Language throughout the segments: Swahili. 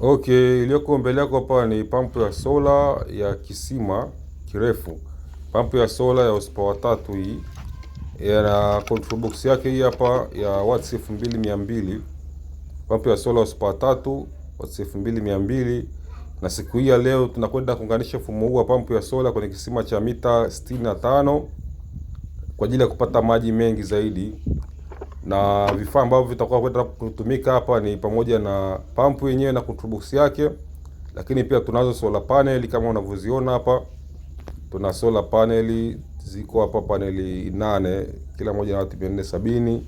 Okay, iliyoko mbele yako hapa ni pampu ya sola ya kisima kirefu, pampu ya sola ya uspawa tatu. Hii yana control box yake hii hapa ya watts 2200, pampu ya sola ya uspawa tatu watts 2200. Na siku hii ya leo tunakwenda kuunganisha mfumo huu wa pampu ya sola kwenye kisima cha mita 65 kwa ajili ya kupata maji mengi zaidi na vifaa ambavyo vitakuwa kwenda kutumika hapa ni pamoja na pampu yenyewe na control box yake, lakini pia tunazo solar panel kama unavyoziona hapa. Tuna solar panel ziko hapa, paneli nane, kila moja na wati mia nne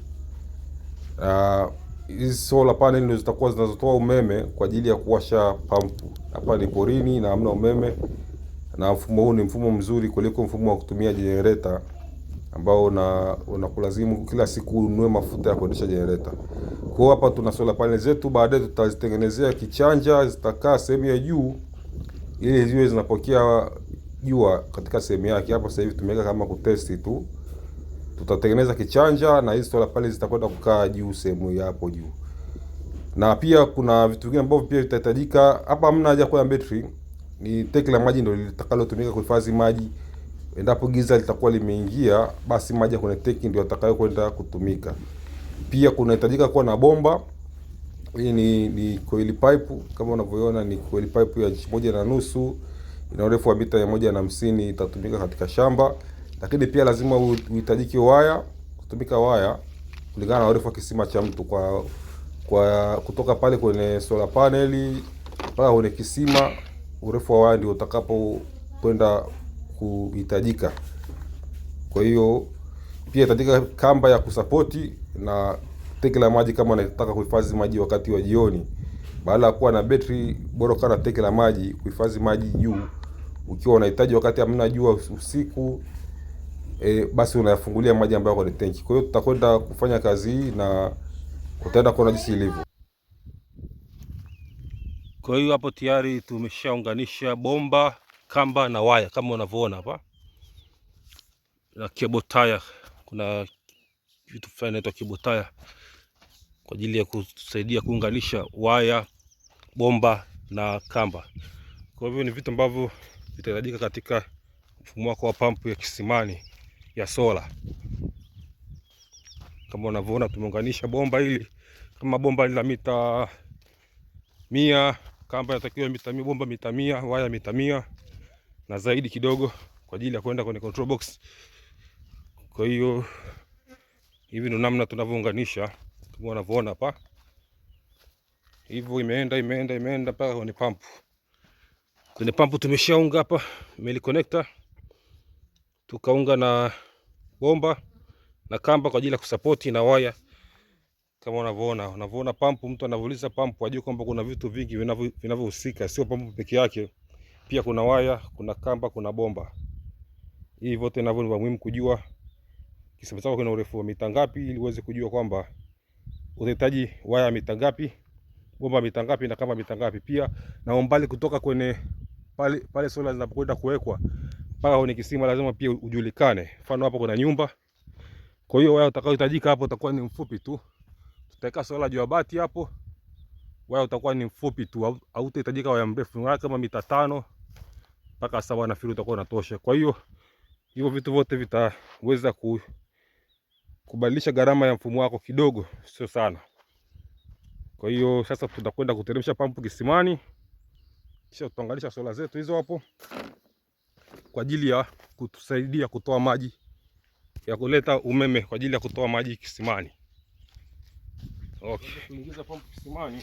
Hizi solar panel ndio zitakuwa zinazotoa umeme kwa ajili ya kuwasha pampu. Hapa ni porini na hamna umeme, na mfumo huu ni mfumo mzuri kuliko mfumo wa kutumia generator ambao unakulazimu una kila siku ununue mafuta ya kuendesha jenereta. Kwa hiyo hapa tuna solar panel zetu, baadaye tutazitengenezea kichanja, zitakaa sehemu ya juu ili ziwe zinapokea jua katika sehemu yake. Hapa sasa hivi tumeweka kama kutesti tu, tutatengeneza kichanja na hizi solar panel zitakwenda kukaa juu sehemu ya hapo juu. Na pia kuna vitu vingine ambavyo pia vitahitajika hapa. Hamna haja kuwa na betri, ni tanki la maji ndio litakalotumika kuhifadhi maji. Endapo giza litakuwa limeingia, basi maji ya kwenye kuneteki ndio atakayokwenda kutumika. Pia kunahitajika kuwa na bomba. Hii ni, ni coil pipe kama unavyoona, ni coil pipe ya inchi moja na nusu ina urefu wa mita mia moja na hamsini itatumika katika shamba, lakini pia lazima uhitajiki waya, kutumika waya kulingana na urefu wa kisima cha mtu kwa kwa kutoka pale kwenye solar paneli mpaka kwenye kisima, urefu wa waya ndio utakapokwenda kuhitajika. Kwa hiyo pia itahitajika kamba ya kusapoti na teke la maji kama unataka kuhifadhi maji wakati wa jioni. Badala ya kuwa na betri, bora kana teke la maji kuhifadhi maji juu. Ukiwa unahitaji wakati hamna jua usiku, e, basi unayafungulia maji ambayo kwenye tenki. Kwa hiyo tutakwenda kufanya kazi hii na utaenda kuona jinsi ilivyo. Kwa hiyo hapo tayari tumeshaunganisha bomba kamba na waya kama unavyoona hapa, na kebotaya. Kuna vitu fulani inaitwa kebotaya kwa ajili ya kusaidia kuunganisha waya, bomba na kamba. Kwa hivyo ni vitu ambavyo vitahitajika katika mfumo wako wa pampu ya kisimani ya sola. Kama unavyoona tumeunganisha bomba hili, kama bomba lina mita mia, kamba inatakiwa mita mia, bomba mita mia, waya mita mia na zaidi kidogo kwa ajili ya kwenda kwenye control box. Kwa hiyo hivi ndo namna tunavyounganisha kama unavyoona hapa hivyo, imeenda imeenda imeenda mpaka kwenye pump. Kwenye pump tumeshaunga hapa meli connector, tukaunga na bomba na kamba kwa ajili ya kusapoti na waya kama unavyoona unavyoona pump, Mtu anavuliza pump ajue kwamba kuna vitu vingi vinavyohusika, sio pump peke yake. Pia kuna waya, kuna kamba, kuna bomba. Hii vyote navyo ni muhimu kujua kisima chako kina urefu wa mita ngapi, ili uweze kujua kwamba utahitaji waya ya mita ngapi, bomba mita ngapi na kamba mita ngapi, pia na umbali kutoka kwenye pale, pale sola zinapokwenda kuwekwa mpaka kwenye kisima lazima pia ujulikane. Mfano hapo kuna nyumba, kwa hiyo waya utakayohitajika hapo utakuwa ni mfupi tu. Tutaweka sola juu ya bati hapo, waya utakuwa ni mfupi tu, hautahitajika waya mrefu, kama mita tano mpaka sawa, nafikiri utakuwa unatosha. Kwa hiyo hivyo vitu vyote vitaweza kubadilisha gharama ya mfumo wako kidogo, sio sana. Kwa hiyo sasa tutakwenda kuteremsha pampu kisimani, kisha tutaunganisha sola zetu hizo hapo kwa ajili ya kutusaidia kutoa maji ya kuleta umeme kwa ajili ya kutoa maji kisimani. Okay. Kuingiza pampu kisimani.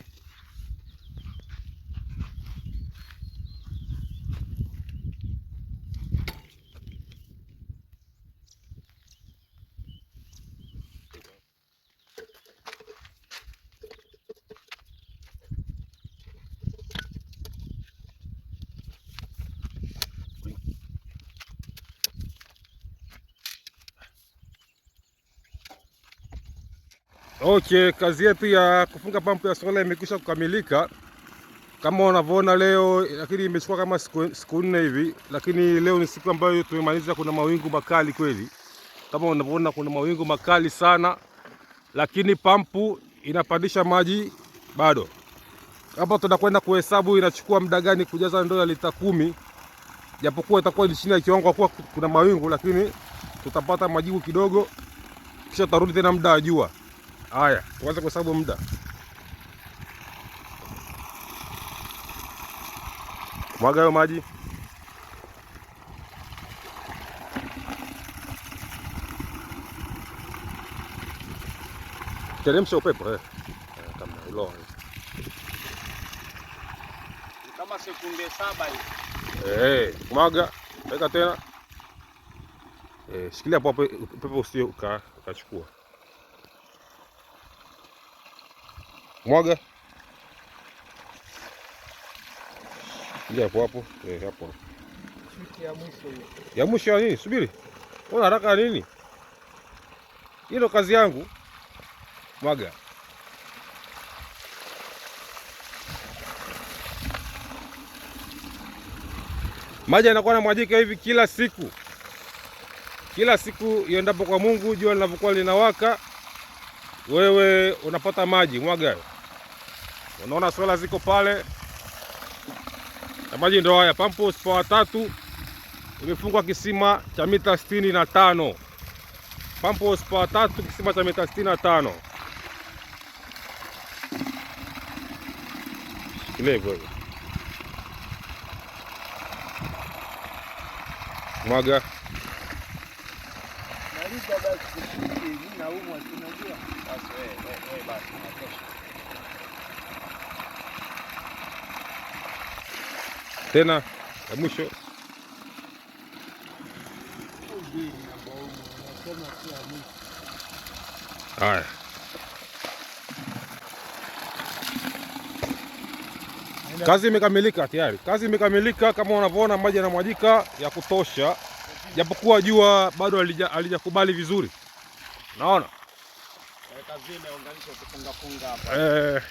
Okay, kazi yetu ya kufunga pampu ya sola imekwisha kukamilika kama unavyoona leo, lakini imechukua kama siku, siku nne hivi, lakini leo ni siku ambayo tumemaliza. Kuna mawingu makali kweli, kama unavyoona kuna mawingu makali sana, lakini pampu inapandisha maji bado. Hapa tunakwenda kuhesabu inachukua muda gani kujaza ndoo ya lita kumi, japokuwa itakuwa ni chini ya kiwango kwa kuna mawingu, lakini tutapata majibu kidogo, kisha tutarudi tena muda wa jua. Haya, kwanza kwa sababu muda mwaga hayo maji. Teremsha upepo eh. eh kama ulo kama sekunde saba hivi eh, mwaga weka tena eh, shikilia hapo upepo usio ukachukua mwaga ndio hapo hapo eh, hapo ya mwisho ya nini? Subiri, una haraka nini? Hilo kazi yangu, mwaga maji yanakuwa na mwajika hivi kila siku, kila siku iendapo kwa Mungu, jua linapokuwa linawaka, wewe unapata maji mwaga. Unaona swala ziko pale na maji ndo haya. Pampu hosipawa tatu imefungwa kisima cha mita sitini na tano pampu tatu kisima cha mita sitini na tano Shikilia hivyo hivyo, mwaga tena ya mwisho haya. Kazi imekamilika tayari, kazi imekamilika. Kama unavyoona maji yanamwagika ya kutosha, japokuwa jua bado halijakubali vizuri, naona eh,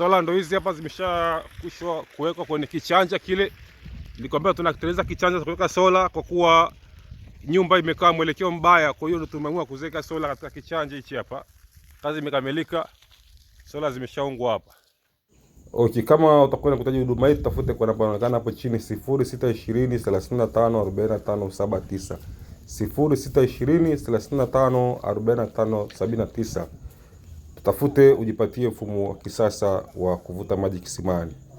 sola ndo hizi hapa zimesha kushwa kuwekwa kwenye kichanja kile. Nikwambia tunakiteleza kichanja kuweka sola kwa kuwa nyumba imekaa mwelekeo mbaya, kwa hiyo tumeamua kuziweka sola katika kichanja hichi hapa. Kazi imekamilika, sola zimeshaungwa hapa. Okay, kama utakwenda kutaja huduma hii tutafute kwa namba inaonekana hapo chini 0620 35 45 79 0620 35 45 tutafute ujipatie mfumo wa kisasa wa kuvuta maji kisimani.